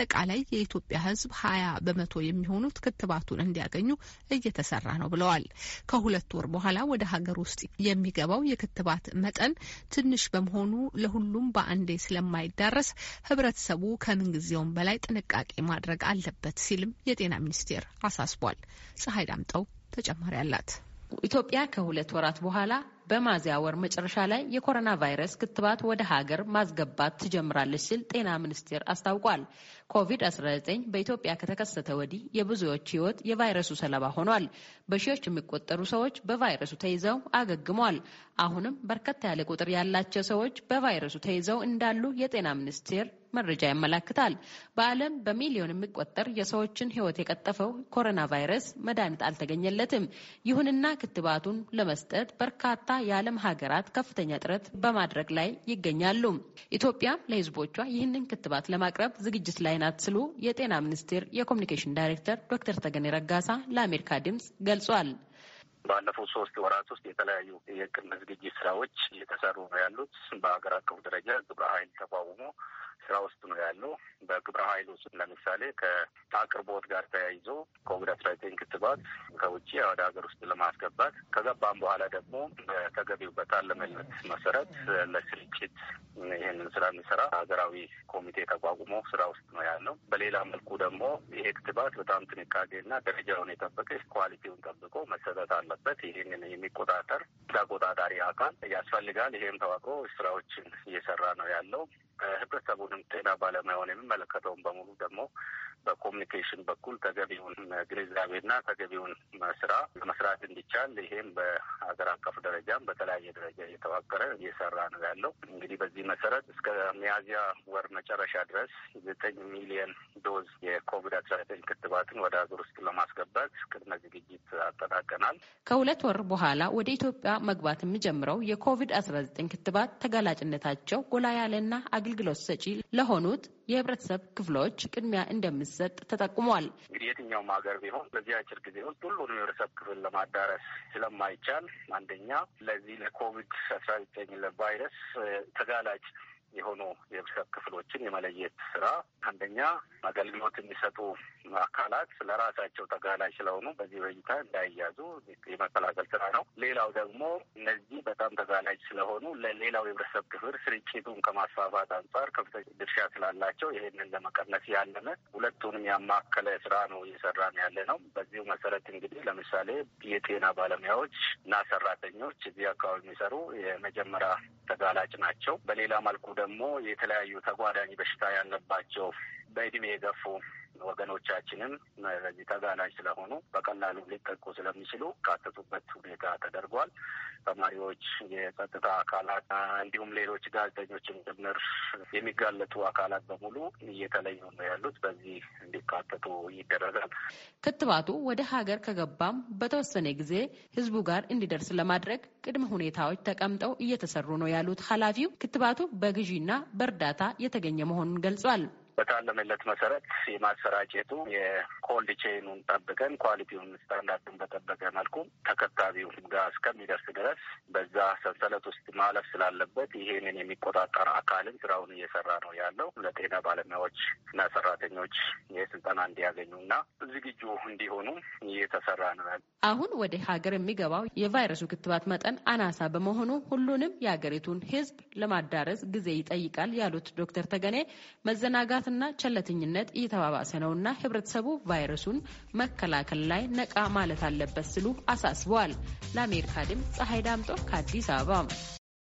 አጠቃላይ የኢትዮጵያ ሕዝብ ሀያ በመቶ የሚሆኑት ክትባቱን እንዲያገኙ እየተሰራ ነው ብለዋል። ከሁለት ወር በኋላ ወደ ሀገር ውስጥ የሚገባው የክትባት መጠን ትንሽ በመሆኑ ለሁሉም በአንዴ ስለማይዳረስ ሕብረተሰቡ ከምንጊዜውም በላይ ጥንቃቄ ማድረግ አለበት ሲልም የጤና ሚኒስቴር አሳስቧል። ፀሐይ ዳምጠው ተጨማሪ አላት። ኢትዮጵያ ከሁለት ወራት በኋላ በሚያዝያ ወር መጨረሻ ላይ የኮሮና ቫይረስ ክትባት ወደ ሀገር ማስገባት ትጀምራለች ሲል ጤና ሚኒስቴር አስታውቋል። ኮቪድ-19 በኢትዮጵያ ከተከሰተ ወዲህ የብዙዎች ሕይወት የቫይረሱ ሰለባ ሆኗል። በሺዎች የሚቆጠሩ ሰዎች በቫይረሱ ተይዘው አገግመዋል። አሁንም በርከት ያለ ቁጥር ያላቸው ሰዎች በቫይረሱ ተይዘው እንዳሉ የጤና ሚኒስቴር መረጃ ያመላክታል። በዓለም በሚሊዮን የሚቆጠር የሰዎችን ሕይወት የቀጠፈው ኮሮና ቫይረስ መድኃኒት አልተገኘለትም። ይሁንና ክትባቱን ለመስጠት በርካታ የዓለም ሀገራት ከፍተኛ ጥረት በማድረግ ላይ ይገኛሉ። ኢትዮጵያም ለሕዝቦቿ ይህንን ክትባት ለማቅረብ ዝግጅት ላይ ናት ስሉ የጤና ሚኒስቴር የኮሚኒኬሽን ዳይሬክተር ዶክተር ተገኔ ረጋሳ ለአሜሪካ ድምጽ ገልጿል። ባለፉት ሶስት ወራት ውስጥ የተለያዩ የቅድመ ዝግጅት ስራዎች እየተሰሩ ነው ያሉት። በሀገር አቀፍ ደረጃ ግብረ ኃይል ተቋቁሞ ስራ ውስጥ ነው ያለው። በግብረ ኃይል ውስጥ ለምሳሌ ከአቅርቦት ጋር ተያይዞ ኮቪድ አስራ ዘጠኝ ክትባት ከውጭ ወደ ሀገር ውስጥ ለማስገባት ከገባም በኋላ ደግሞ በተገቢው በታለመለት መሰረት ለስርጭት ይህንን ስራ የሚሰራ ሀገራዊ ኮሚቴ ተቋቁሞ ስራ ውስጥ ነው ያለው። በሌላ መልኩ ደግሞ ይሄ ክትባት በጣም ጥንቃቄና ደረጃውን የጠበቀ ኳሊቲውን ጠብቆ መሰጠት አለ ያለበት ይህንን የሚቆጣጠር ተቆጣጣሪ አካል ያስፈልጋል። ይህም ተዋቅሮ ስራዎችን እየሰራ ነው ያለው። ህብረተሰቡንም ጤና ባለሙያውን የሚመለከተውን በሙሉ ደግሞ በኮሚኒኬሽን በኩል ተገቢውን ግንዛቤና ተገቢውን ስራ ለመስራት እንዲቻል ይሄም በሀገር አቀፍ ደረጃም በተለያየ ደረጃ እየተዋቀረ እየሰራ ነው ያለው። እንግዲህ በዚህ መሰረት እስከ ሚያዝያ ወር መጨረሻ ድረስ ዘጠኝ ሚሊየን ዶዝ የኮቪድ አስራ ዘጠኝ ክትባትን ወደ ሀገር ውስጥ ለማስገባት ቅድመ ዝግጅት አጠናቀናል። ከሁለት ወር በኋላ ወደ ኢትዮጵያ መግባት የሚጀምረው የኮቪድ አስራ ዘጠኝ ክትባት ተጋላጭነታቸው ጎላ ያለና አግ አገልግሎት ሰጪ ለሆኑት የህብረተሰብ ክፍሎች ቅድሚያ እንደሚሰጥ ተጠቁሟል። እንግዲህ የትኛውም ሀገር ቢሆን በዚህ አጭር ጊዜ ውስጥ ሁሉን የህብረተሰብ ክፍል ለማዳረስ ስለማይቻል አንደኛ ለዚህ ለኮቪድ አስራ ዘጠኝ ለቫይረስ ተጋላጭ የሆኑ የህብረተሰብ ክፍሎችን የመለየት ስራ አንደኛ አገልግሎት የሚሰጡ አካላት ለራሳቸው ተጋላጭ ስለሆኑ በዚህ በሽታ እንዳይያዙ የመከላከል ስራ ነው። ሌላው ደግሞ እነዚህ በጣም ተጋላጭ ስለሆኑ ለሌላው የህብረተሰብ ክፍል ስርጭቱን ከማስፋፋት አንጻር ከፍተኛ ድርሻ ስላላቸው ይህንን ለመቀነስ ያለመ ሁለቱንም ያማከለ ስራ ነው እየሰራን ያለ ነው። በዚሁ መሰረት እንግዲህ ለምሳሌ የጤና ባለሙያዎች እና ሰራተኞች እዚህ አካባቢ የሚሰሩ የመጀመሪያ ተጋላጭ ናቸው። በሌላ መልኩ ደግሞ የተለያዩ ተጓዳኝ በሽታ ያለባቸው በእድሜ የገፉ ወገኖቻችንም በዚህ ተጋላጭ ስለሆኑ በቀላሉ ሊጠቁ ስለሚችሉ ካተቱበት ሁኔታ ተደርጓል። ተማሪዎች፣ የጸጥታ አካላት እንዲሁም ሌሎች ጋዜጠኞችም ጭምር የሚጋለጡ አካላት በሙሉ እየተለዩ ነው ያሉት። በዚህ እንዲካተቱ ይደረጋል። ክትባቱ ወደ ሀገር ከገባም በተወሰነ ጊዜ ህዝቡ ጋር እንዲደርስ ለማድረግ ቅድመ ሁኔታዎች ተቀምጠው እየተሰሩ ነው ያሉት ኃላፊው ክትባቱ በግዢና በእርዳታ የተገኘ መሆኑን ገልጿል። በታለመለት መሰረት የማሰራጨቱ የኮልድ ቼኑን ጠብቀን ኳሊቲውን ስታንዳርዱን በጠበቀ መልኩ ተከታቢው ጋር እስከሚደርስ ድረስ በዛ ሰንሰለት ውስጥ ማለፍ ስላለበት ይሄንን የሚቆጣጠር አካልን ስራውን እየሰራ ነው ያለው። ለጤና ባለሙያዎች እና ሰራተኞች የስልጠና እንዲያገኙ እና ዝግጁ እንዲሆኑ እየተሰራ ነው ያለ። አሁን ወደ ሀገር የሚገባው የቫይረሱ ክትባት መጠን አናሳ በመሆኑ ሁሉንም የሀገሪቱን ሕዝብ ለማዳረስ ጊዜ ይጠይቃል ያሉት ዶክተር ተገኔ መዘናጋት ፍርሃትና ቸለተኝነት እየተባባሰ ነውና ህብረተሰቡ ቫይረሱን መከላከል ላይ ነቃ ማለት አለበት ሲሉ አሳስበዋል። ለአሜሪካ ድምፅ ፀሐይ ዳምጦ ከአዲስ አበባ